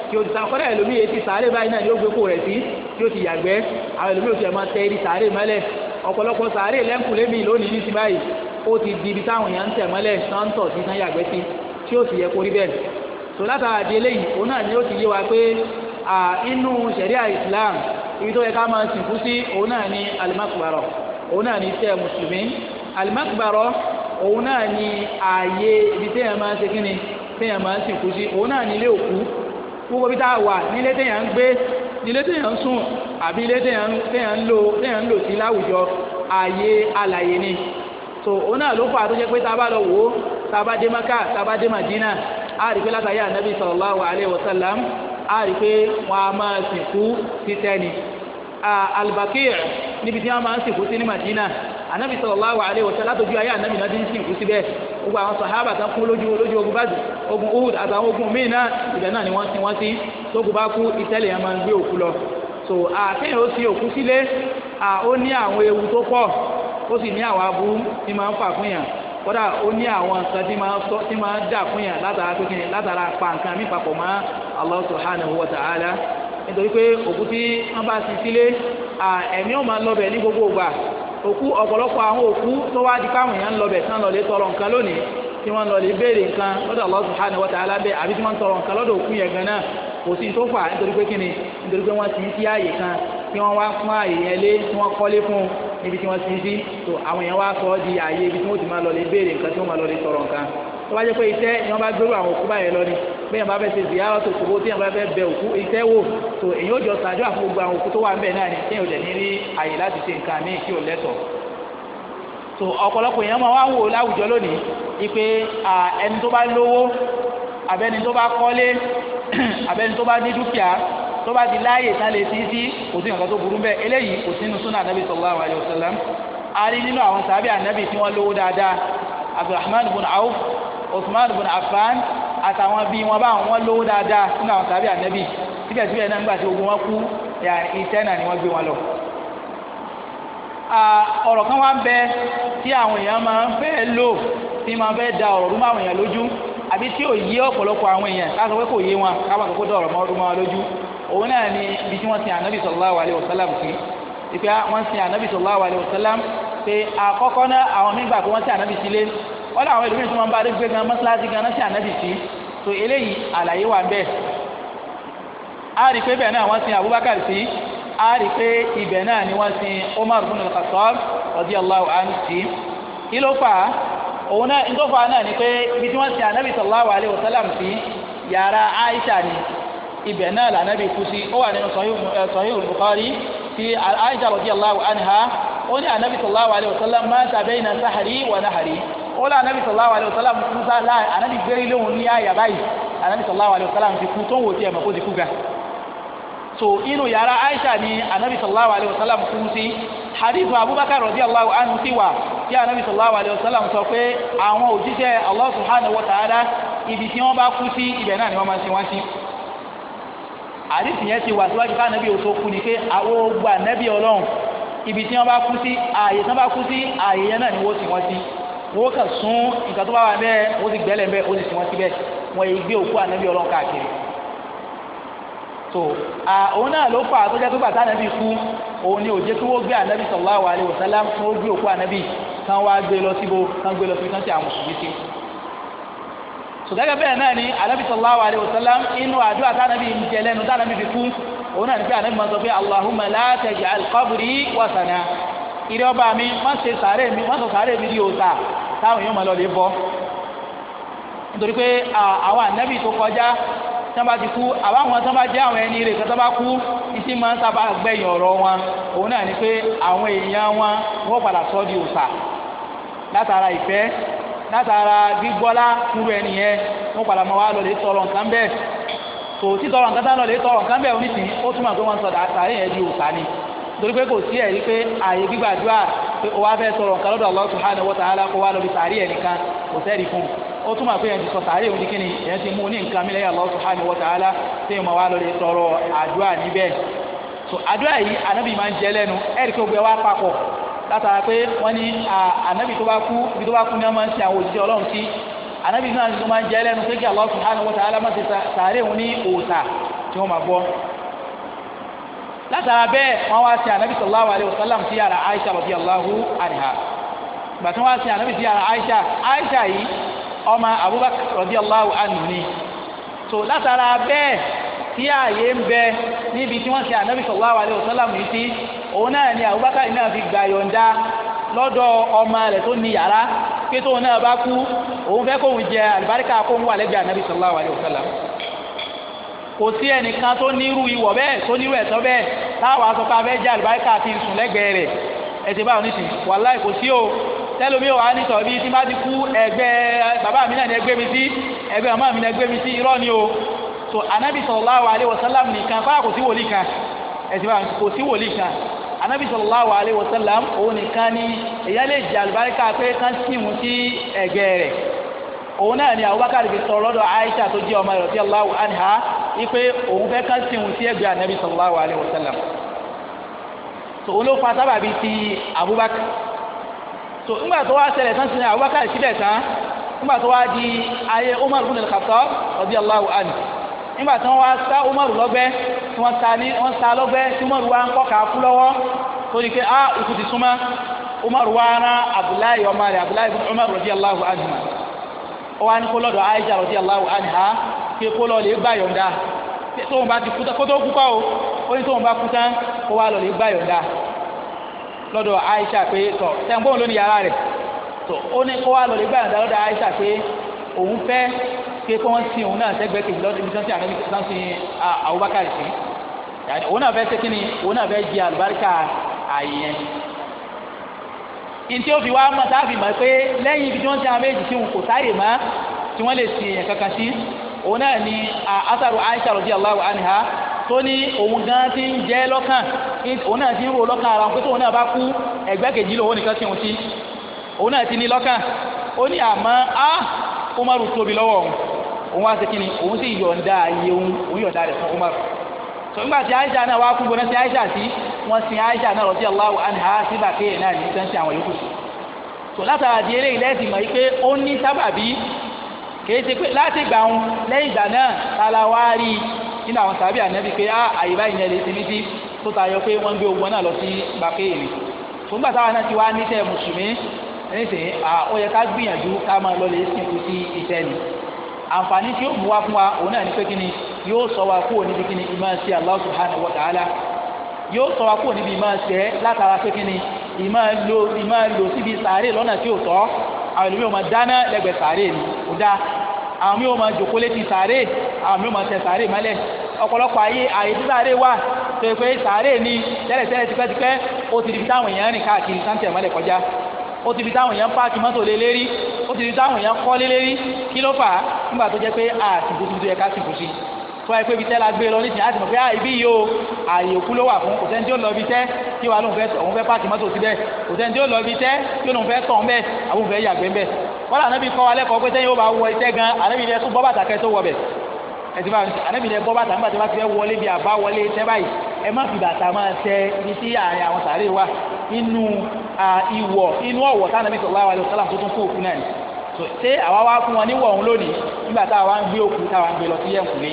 tí o ti sàn kọ́dà ẹlòmíye ti sàárè báyìí náà yóò gbé kó rẹ̀ sí tí o ti yàgbẹ́ àwọn ẹlòmíye ti ẹ̀ máa tẹ ẹni sàárè mọ́lẹ̀ ọ̀pọ̀lọpọ̀ sàárè lẹ́kùnlé mi lónìí ní ti báyìí ó ti di ibi táwọn èèyàn ń tẹ̀ mọ́lẹ̀ sáńtọ̀ sí náà yàgbẹ́ sí tí ó sì yẹ kó bẹ́ẹ̀ tó látara di eléyìí òun náà ni ó ti yé wa pé inú ṣẹ̀ríà Islam ibi tó yẹ ká máa sìnkú sí òun náà ni alimakubarọ̀ òun náà ni tẹ́ mùsùlùmí alimakubarọ̀ òun náà ni ààyè ibi téèyàn máa ń ṣe kíni téèyàn máa ń sìnkú sí òun náà ni ilé òkú gbogbo bí tá wà nílé téèyàn ń gbé nílé téèyàn ń sùn àbí ilé téèyàn ń lò téèyàn ń lò sí láwùjọ ààyè alàyè ni so òun náà ló fà á tó jẹ́ pé tá a bá lọ wò ó tá a bá dé Maka tá a bá dé Madina a rí pé látàrí ànábì sallallahu alayhi wa sallam a rí pé wọn a máa sìnkú títẹ́ ni albakir níbi tí wọn máa ń sìnkú sí ní Madina anabi sallallahu alaihi wa sallam látọjú ayé anabi náà ti ń sìnkú síbẹ̀ gbogbo àwọn sahaba tán kú lójú lójú ogun báàdì ogun uhud àtàwọn ogun míì náà ibẹ̀ náà ni wọ́n ti wọ́n sí tógun bá kú ìtẹ́lẹ̀ yẹn máa ń gbé òkú lọ so àtẹ̀yìn ó sì òkú sílé ó ní àwọn ewu tó pọ̀ ó sì ní àwọn aburú tí máa ń fà fún yàn kódà ó ní àwọn nǹkan tí máa tọ́ tí máa dà fún yàn látara pé ni látara pa nǹkan mí papọ̀ mọ́ Allah nítorí pé òkú tí wọ́n bá sì sílé ẹ̀mí ò máa lọ bẹ̀ ní gbogbo ìgbà òkú ọ̀pọ̀lọpọ̀ àwọn òkú tó wá di fáwọn èèyàn ń lọ bẹ̀ tán lọ lè tọrọ nǹkan lónìí tí wọ́n lọ lè béèrè nǹkan lọ́dọ̀ Allah subhanahu wa ta'ala bẹ́ẹ̀ àbí tí wọ́n tọrọ nǹkan lọ́dọ̀ òkú yẹn gan náà kò sí tó fà nítorí pé kíni nítorí pé wọ́n ti ń sí ààyè kan tí wọ́n wá fún ààyè yẹn lé tí wọ́n kọ́lé fún níbi tí wọ́n ti ń sí tó àwọn èèyàn wá sọ ọ́ di ààyè ibi tí wọ́n ti máa lọ lè béèrè nǹkan tí wọ́n máa lọ lè tọrọ nǹkan tó bá jẹ́ pé ìtẹ́ ni wọ́n bá gbérù àwọn òkú báyẹn lọ ni bí èèyàn bá fẹ́ ṣe ziyara tó kòkó tí èèyàn bá fẹ́ bẹ òkú ìtẹ́ wò tó èèyàn ò jọ sàdúrà fún gbogbo àwọn òkú tó wà ń bẹ̀ náà ni kéèyàn ò dẹ̀ ní rí àyè láti ṣe nǹkan míì kí ò lẹ́tọ̀ọ́ so ọ̀pọ̀lọpọ̀ èèyàn máa wá wò láwùjọ lónìí ipe ẹni tó bá lówó abẹ́ni tó bá kọ́lé abẹ́ni tó bá ní dúkìá tó bá di láàyè tá lè sí sí kò sí nǹkan tó burú bẹ́ẹ̀ eléyìí kò sínú súnà ànábì sallallahu alaihi wasallam a rí nínú àwọn sàbí ànábì tí wọ́n lówó dáadáa abdulrahman ibn auf usman ibn affan àtàwọn bíi wọn bá wọn lówó dáadáa nínú àwọn sábẹ́ ànábì síbẹ̀síbẹ̀ náà nígbà tí ogun wọn kú iṣẹ́ náà ni wọ́n gbé wọn lọ. ọ̀rọ̀ kan wá ń bẹ tí àwọn èèyàn máa ń fẹ́ lò tí máa ń fẹ́ da ọ̀rọ̀ rúmọ́ àwọn èèyàn lójú àbí tí ò yé ọ̀pọ̀lọpọ̀ àwọn èèyàn láti pé kò yé wọn káwọn àkókò dọ̀rọ̀ mọ́ rúmọ́ wọn lójú òun náà ni ibi tí wọ́n sin ànábì sallallahu pé àkọ́kọ́ náà àwọn mígbà pé wọ́n sí ànábì sílé wọ́n láwọn ìlú mìíràn bá rí gbé gan mọ́sálásí gan náà sí ànábì sí tó eléyìí àlàyé wà bẹ́ẹ̀ a rí pé bẹ́ẹ̀ náà wọ́n sin Abubakar sí a rí pé ibẹ̀ náà ni wọ́n sin Umar bin al-Khattab radiyallahu anhu sí kí ló fà á òun náà ń fà á náà ni pé ibi tí wọ́n sin ànábì sallallahu alayhi wa sallam sí yàrá Aisha ni ibẹ̀ náà lànábì ó ní anabi sallallahu alayhi wa sallam máa ń tàbí iná sahari wà nahari ó lọ anabi sallallahu alayhi wa sallam musa láàyè anabi gbérí lóhùn ní àyà báyìí anabi sallallahu alayhi wa sallam ti kú tó ń wò tiẹ̀ mọ̀ kó ti kú ga so inú yàrá aisha ni anabi sallallahu alayhi wa sallam kú sí hadithu abubakar radiyallahu anhu ti wà tí anabi sallallahu alayhi wa sallam sọ pé àwọn òjíṣẹ́ allah subhanahu wa ta'ala ibi tí wọ́n bá kú sí ibẹ̀ náà ni wọ́n máa ń sin wọ́n sí àdìsí yẹn ti wà síwájú ká anabi ò kú ni pé àwọn ogun anabi ọlọ́run ibi tí wọ́n bá kú sí ààyè tí wọ́n bá kú sí ààyè yẹn náà ni wọ́n sì wọ́n sí wọ́n kàn sún nǹkan tó bá wà bẹ́ẹ̀ wọ́n sì gbẹ́lẹ̀ bẹ́ẹ̀ wọ́n sì sì wọ́n sí bẹ́ẹ̀ wọ́n yìí gbé òkú ànábì ọlọ́run káàkiri so òun náà ló fà á tó jẹ́ pé bàtà ànábì kú òun ni òjé tí wọ́n gbé ànábì sallallahu alaihi wasallam tí wọ́n gbé òkú ànábì kan wá gbé lọ síbo kan gbé lọ síbi kan tí àwọn mùsùlùmí sí so gẹ́gẹ́ bẹ́ẹ̀ náà ni ànábì sallallahu alaihi wasallam inú àdúrà tánàbì ń jẹ lẹ́nu tánàbì fi kú òun náà ní pé ànábì máa sọ pé Allahumma la taj'al qabri wasana ìrẹ́ ọba mi má ṣe sàárè mi má sọ sàárè mi di òòtà táwọn èèyàn máa lọ lè bọ́ nítorí pé àwọn ànábì tó kọjá sábà ti kú àbáwọn sábà jẹ́ àwọn ẹni rẹ̀ kan sábà kú ìsìn máa ń sábà gbẹ̀yìn ọ̀rọ̀ wọn òun náà ni pé àwọn èèyàn wọn wọ́n padà sọ di òòṣà látara ìfẹ́ látara gbígbọ́lá kúrú ẹni yẹn wọ́n padà máa wá lọ lè sọ̀rọ̀ nǹkan bẹ́ẹ̀ so títọrọ nǹkan tán lọ lè tọrọ nǹkan bẹ́ẹ̀ oníṣìí ó túmọ̀ pé wọ́n sọ̀dà àtàrí yẹn di òòṣà ni torí pé kò sí ẹ̀rí pé ààyè gbígbàdúrà pé o wá fẹ́ sọ̀rọ̀ nǹkan lọ́dọ̀ Allah subhanahu wa ta'ala kó wá lórí sàárì ẹ̀ nìkan kò sẹ́ẹ̀rí fún un ó túmọ̀ pé yẹn ti sọ sàárì òun dikini yẹn ti mú ní nǹkan mílẹ̀ Allah subhanahu wa ta'ala tí mo wá lórí sọ̀rọ̀ àdúrà níbẹ̀ so àdúrà yìí ànábì máa ń jẹ lẹ́nu ẹ̀rí pé gbogbo ẹ wá papọ̀ látara pé wọ́n ní anabi náà ti tó máa ń jẹ́ lẹ́nu pé kí Allah subhanahu wa ta'ala máa ti sàárè òun ní òòtà tí wọ́n máa gbọ́ látara bẹ́ẹ̀ wọ́n wá sí anabi sallallahu alayhi wa sallam sí yàrá Aisha radiyallahu anha gbàtí wọ́n wá sí anabi sí yàrá Aisha Aisha yìí ọmọ Abubakar radiyallahu anhu ni so látara bẹ́ẹ̀ tí ààyè ń bẹ níbi tí wọ́n ṣe ànábì sallallahu alaihi wasallam yìí sí òun náà ni Abubakar náà fi gbà yọ̀ǹda lọ́dọ̀ ọmọ rẹ̀ tó ní yàrá pé tóun náà bá kú òun fẹ́ kóun jẹ àlùbáríkà kóun wà lẹ́gbẹ̀ẹ́ ànábì sallallahu alaihi wasallam kò sí ẹnìkan tó nírú ìwọ̀ bẹ́ẹ̀ tó nírú ẹ̀tọ́ bẹ́ẹ̀ táwa sọ pé abẹ́ jẹ àlùbáríkà àti ìsùn lẹ́gbẹ̀ẹ́ rẹ̀ ẹ̀sìn báwọn nìsín wàláì kò sí o tẹ́lómi wà á nìtọ̀ bí tí má ti kú ẹgbẹ́ bàbá mi náà ní ẹgbẹ́ mi sí ẹgbẹ́ màmá mi náà ẹgbẹ́ mi sí irọ́ ni o so ànábì sallallahu alaihi wasallam nìkan kọ́ àkòsí wòlíì kan ẹ̀sìn báwọn kò sí wòlíì kan anabi sallallahu alaihi wasallam òun nìkan ni èyàn lè jẹ àlùbáríkà pé kán tì mú sí ẹ̀gẹ́ rẹ̀ òun náà ni Abubakar fi sọ lọ́dọ̀ Aisha tó jẹ́ ọmọ radiyallahu anha ipe òun fẹ́ kán tì mú sí ẹ̀gbẹ́ anabi sallallahu alaihi wasallam tòun ló fa sábàbí ti Abubakar tó ńgbà tó wá ṣẹlẹ̀ tán sí Abubakar síbẹ̀ tán ńgbà tó wá di ayé Umar ibn al-Khattab radiyallahu anhu nígbà tí wọ́n wá sá umaru lọ́gbẹ́ tí wọ́n sá ní wọ́n sá lọ́gbẹ́ tí umaru wá ń kọ́ka kú lọ́wọ́ tó ní pé a òkú ti súnmọ́ umaru wá rán abdullahi ọmọ rẹ̀ abdullahi bin umar radiyallahu anhu ó wá ní kó lọ́dọ̀ aisha radiyallahu anha pé kó lọ́ọ́ lè gbà yọ̀ǹda tóun bá ti kú tán kó tó kú pa o ó ní tóun bá kú tán kó wá lọ́ọ́ lè gbà yọ̀ǹda lọ́dọ̀ aisha pé tọ̀ tẹ̀gbọ́n lónìí yàrá rẹ̀ tó ó ní kó wá lọ́ọ́ lè gbà yọ̀ǹda lọ́dọ̀ aisha pé òun fẹ́ pé kí wọ́n sin òun náà sẹ́gbẹ́ kejì lọ́dún ibi tí wọ́n sin ànábì tí wọ́n sin Abubakar sí yàtọ̀ òun náà fẹ́ ṣe kínní òun náà fẹ́ jẹ àlùbáríkà ààyè yẹn ntí ó fi wá mọ̀ sáfì mọ̀ pé lẹ́yìn ibi tí wọ́n sin àméjì sí òun kò sáyè mọ́ tí wọ́n lè sin èèyàn kankan sí òun náà ni asaru Aisha radiyallahu anha tó ní òun gan ti ń jẹ́ lọ́kàn òun náà ti ń ro lọ́kàn ara wọn pé tóun náà bá kú ẹgbẹ́ kejì lòun nìkan sí òun sí òun náà ti ní lọ́kàn ó ní àmọ́ á Umaru tóbi lọ́wọ́ òun òun wá ṣe kí ni òun sì yọ̀ǹda ayé òun òun yọ̀ǹda rẹ̀ fún Umar tó nígbà tí Aisha náà wá kú gbọ́dọ̀ sí Aisha sí wọ́n sin Aisha náà radiyallahu anha sí bàkẹ́yẹ náà ní sẹ́ńsì àwọn yòókù sí tó látara di eré ilé ẹ̀sìn mọ̀ yìí pé ó ní sábàbí kì í ṣe pé láti gbà wọn lẹ́yìn ìgbà náà tala wá rí nínú àwọn sàbí ànábì pé á ah, àyè báyìí ní ẹ lè ti ní sí tó tayọ pé wọ́n gbé ogun náà lọ sí bàkẹ́yẹ ni tó nígbà táwọn náà ti wá níṣẹ́ mùsùlùmí ẹni sè é ó yẹ ká gbìyànjú ká máa lọ lè sìnkú sí iṣẹ́ ni àǹfààní tí yóò mú wá fún wa òun náà ní pé kíni yóò sọ wa kúrò níbi kíni ìmọ̀ sí Allah subhanahu wa ta'ala yóò sọ wa kúrò níbi ìmọ̀ sẹ́ látara pé kíni ìmọ̀ lò ìmọ̀ lò síbi sàárè lọ́nà tí ò tọ́ àwọn ènìyàn máa dáná lẹ́gbẹ̀ẹ́ sàárè ni kò dáa àwọn yóò máa jòkó létí sàárè àwọn yóò máa tẹ sàárè mọ́lẹ̀ ọ̀pọ̀lọpọ̀ ayé àyè tí sàárè wà pé sàárè ni tẹ́lẹ̀tẹ́lẹ̀ tipẹ́tipẹ́ ó ti di fi táwọn èèyàn rìn káàkiri sáńtẹ̀ mọ́lẹ̀ kọjá ó ti fi ó ti di táwọn èèyàn lérí kí ló fà á nígbà tó jẹ́ pé àsìkò tuntun yẹ ká sìkò fún ẹ pé ibi tẹ́ la gbé lọ nísìnyí láti mọ̀ pé ah, ibi yìí o ààyè òkú ló wà fún kò sẹ́ni tí ó lọ ibi tẹ́ tí wàá lóun fẹ́ òun fẹ́ pààkì mọ́tò síbẹ̀ kò sẹ́ni tí ó lọ ibi tẹ́ tí òun fẹ́ tọ̀ ńbẹ̀ àwọn fẹ́ yàgbẹ́ ńbẹ̀ wọ́n lànà kọ́ wa lẹ́kọ̀ọ́ pé sẹ́yìn ó bá wọ iṣẹ́ gan ànábì ilẹ̀ tó bọ́ bàtà kẹ́ tó wọ bẹ̀ ẹ̀sìnbà ànábì bọ́ bàtà nígbà tí wọ́n ti fẹ́ wọlé bí àbá wọlé iṣẹ́ báyìí ẹ má fi bàtà máa tẹ ibi tí àárín àwọn sàárè wà nínú ìwọ̀ inú ọ̀wọ̀ táwọn ẹbí sọ̀rọ̀ àwọn àlùsọ́là tó tún kó òkú náà so ṣé àwa wá fún wọn níwọ̀ ọ̀hún lónìí nígbà táwa wá ń gbé òkú táwa ń gbé lọ sí ẹ̀kúnlé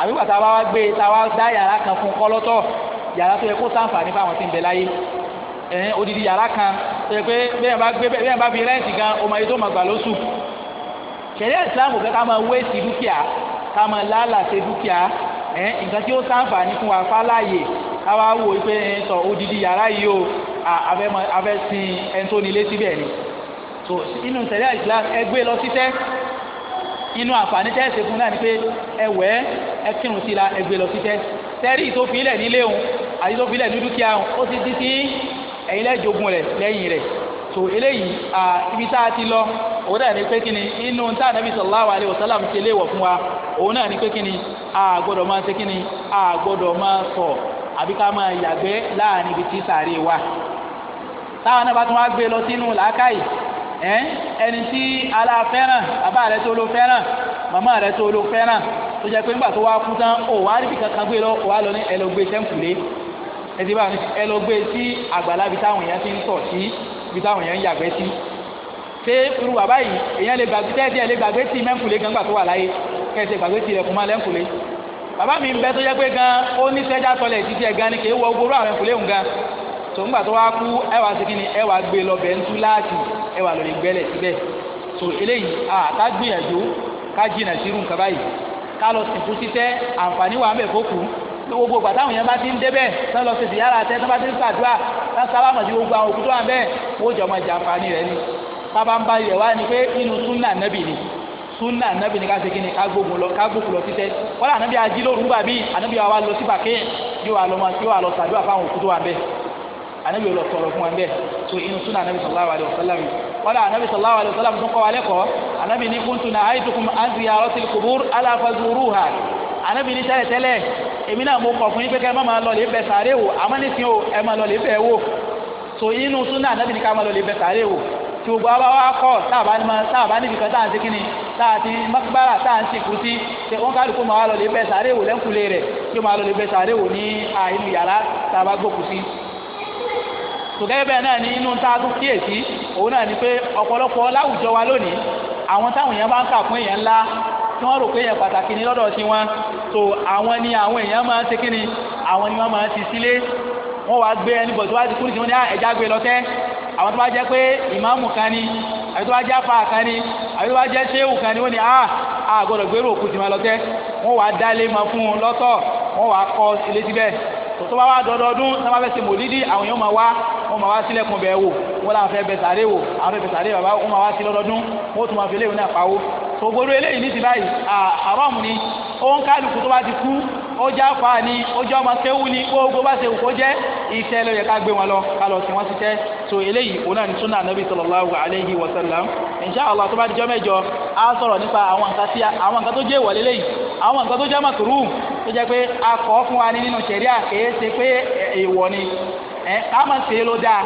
àbí gbà táwa wá gbé táwa dá yàrá kan fún kọ́lọ́tọ̀ yàrá tó yẹ kó sàǹfààní fáwọn tí ń bẹ láyé ẹ̀hìn odidi yàrá kan tó yẹ pé bẹ́ẹ̀ bá gbé bẹ́ẹ̀ bá fi rẹ́ǹtì gan ọmọ yìí tó máa gbà lóṣù ṣẹ̀ríà ìsìláàmù fẹ́ ká máa wéèsì dúkìá ká máa lálàsẹ̀ dúkìá ẹ̀hìn nǹkan tí ó sàǹfààní fún wa fáláyè káwa wò pé ẹ̀ sọ odidi yàrá yìí o abẹ́ sin ẹni tó ní ilé síbẹ̀ ni so inú sẹ̀rí àìsílá ẹgbẹ́ lọ títẹ́ inú àǹfààní tẹ́ ẹ̀sẹ̀ fún náà ni pé ẹwẹ́ ẹ kírun sí la ẹgbẹ́ lọ títẹ́ sẹ́rí tó fi ilẹ̀ nílé òun àti tó fi ilẹ̀ ní dúkìá òun ó ti di sí ẹ̀yin lẹ́jọ̀gùn rẹ̀ lẹ́yìn rẹ̀ so eléyìí ibi tá a ti lọ òun náà ni pé kí ni inú tá ànábì sallallahu alaihi wasallam ti léèwọ̀ fún wa òun náà ni pé kí ni a gbọ́dọ̀ máa ṣe kí ni a gbọ́dọ̀ máa sọ àbí ká máa yàgbẹ́ láàrin ibi tí sàárè wa táwọn náà bá tún wá gbé lọ sínú làákàyè ẹ ẹni tí ala fẹ́ràn bàbá rẹ tó ló fẹ́ràn màmá rẹ tó ló fẹ́ràn tó jẹ́ pé nígbà tó wá kú tán ò wá níbi kankan gbé lọ ò wá lọ ní ẹ lọ gbé sẹ́ǹkùlé ẹ ti bá wọn ẹ lọ gbé sí àgbàlá ibi táwọn èèyàn ti ń tọ̀ sí ibi táwọn èèyàn ń yàgbẹ́ sí ṣé irú bàbá yìí èèyàn lè gbàgbé tẹ́ẹ̀tì ẹ̀ lè gbàgbé tì mẹ́ǹkùlé gan gbà tó wà láyé kẹ́sẹ̀ gbàgbé tì rẹ̀ fún má lẹ́ǹkùlé bàbá mi ń bẹ tó jẹ́ pé gan ó ní sẹ́jà tọ́lẹ̀ títí ẹ̀ gan ni kì í wọ ogoro àwọn ẹ̀kùlé òun gan tó ńgbà tó wá kú ẹ wá sí kíni ẹ wá gbé lọ bẹ̀ ń tú láàtì ẹ wá lọ lè gbẹ́lẹ̀ síbẹ̀ tó eléyìí à ká gbìyànjú ká jìnà sírú nǹkan báyìí ká lọ sìnkú títẹ́ àǹfààní wà ń bẹ̀ fókù gbogbo ìgbà táwọn yẹn bá ti ń débẹ̀ tán lọ sèṣì yàrá tẹ́ tán bá ti ń ṣàdúrà tán sábàmù sí gbogbo àwọn òkú tó wà bẹ́ẹ̀ ó jọ ọmọ ìjà àǹfààní rẹ ni sábà ń bá ilẹ̀ wá ni pé inú súnà nẹ́bì ni súnà nẹ́bì ni ká ṣe kíni ká gbógun lọ ká gbógun lọ títẹ́ wọ́n lànà bí ajílórúgbà bíi ànábì wa wá lọ sí bàkẹ́ yóò wá lọ sàdúrà fáwọn òkú tó wà bẹ́ẹ̀ anabi yóò lọ tọrọ fún wa bẹ́ẹ̀ so inú sunna anabi sallallahu alayhi wa sallam wala anabi sallallahu alayhi wa sallam tún kọ́ wa lẹ́kọ̀ọ́ anabi ní kuntu na aitukum an ziyaratil qubur ala fazuruha anabi ní tẹ́lẹ̀ tẹ́lẹ̀ èmi náà mo kọ̀ fún yín pé kẹ́ ẹ má máa lọ lè bẹ̀ sàárè wò àmọ́ nísìnyí o ẹ máa so inú sunna anabi ní ká máa lọ lè bẹ̀ tí o gbọ́ wa kọ́ táàbá níbi kan táà ń sikini táà ti makbara táà ń sikú sí ṣe wọn ká lùkú máa lọ lè bẹ sàárè wò lẹ́kùlé rẹ̀ kí máa lọ lè bẹ sàárè wò ní àìlú yàrá táàbá gbòkú tòkẹ́yẹ́ bẹ́ẹ̀ náà ní inú tá a tún kíyèsí òun náà ni pé ọ̀pọ̀lọpọ̀ láwùjọ wa lónìí àwọn táwọn èèyàn bá ń kà fún èèyàn ńlá tí wọ́n rò pé èèyàn pàtàkì ni lọ́dọ̀ sí wọn tó àwọn ni àwọn èèyàn máa ń ṣe kíni àwọn ni wọ́n máa ń ti sílé wọ́n wá gbé ẹni bọ̀ tó wá ti kúrò sí wọn ní ah, ẹ̀já gbé lọ́tẹ́ àwọn tó bá jẹ́ pé ìmáàmù kan ni àbí tó bá jẹ́ afa kan ni àbí tó bá jẹ́ séwù kan ni wọ́n ní ah, a gbọ́dọ̀ gbérò òkú ti máa lọ́tẹ́ wọ́n wá dálé máa fún un lọ́tọ̀ wọ́n wá kọ́ ilé síbẹ̀ tó bá wá dọdọọdún tó bá fẹ́ ṣe mòlídìí àwọn èèyàn máa wá wọ́n máa wá sílẹ̀kùn bẹ́ẹ̀ wò wọ́n láwọn fẹ́ bẹ sàárè wò àwọn fẹ́ sàárè bàbá wọ́n máa wá sí lọ́dọọdún wọ́n tún máa fi eléyìí náà pawó ògbóró eléyìí ní ti báyìí àrọ́mù ni ó ń kálukú tó bá ti kú ó já fa ni ó jẹ́ ọmọ kéwú ni gbogbo bá ṣe kó jẹ́ iṣẹ́ ló yẹ ká gbé wọn lọ ká lọ sí wọn ti tẹ́ so eléyìí òun náà ní súnà nàbì sallallahu alaihi wa sallam insha Allah tó bá di mẹ́jọ á sọ̀rọ̀ nípa àwọn nǹkan tí àwọn nǹkan tó jẹ́ ìwọ̀ lélẹ́yìí àwọn nǹkan tó jẹ́ màkúrú tó jẹ́ pé a fún wa ní nínú ṣẹ̀ríà kèé ṣe pé èèwọ̀ ni ẹ ká má ṣe ló dáa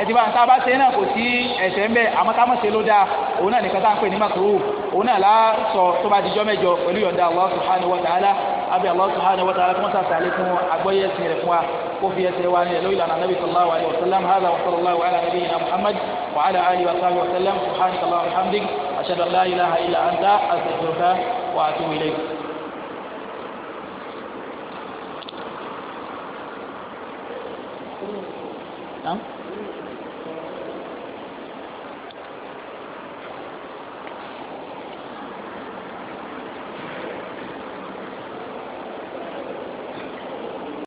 ẹtì bá ń tá a bá ṣe náà kò sí ẹ̀ṣẹ̀ ń bẹ àmọ́ ká má ṣe ló òun náà nìkan tá à ń pè ní makruh òun náà láà sọ tó bá dijọ́ mẹ́jọ pẹ̀lú yọ̀ǹda Allah subhanahu wa ta'ala abi Allah subhanahu wa ta'ala kó wọ́n sàtà lé fún agbọ́yé ẹ̀sìn rẹ̀ fún wa kó fi ẹsẹ̀ wa ní ẹ̀lóyìn lànà nabi sallallahu alayhi wa sallam hadha wa sallallahu ala nabiyyina muhammad wa ala ali wa sahbihi wa sallam subhanaka allahumma wa bihamdik ashhadu an la ilaha illa anta astaghfiruka wa atubu Tá?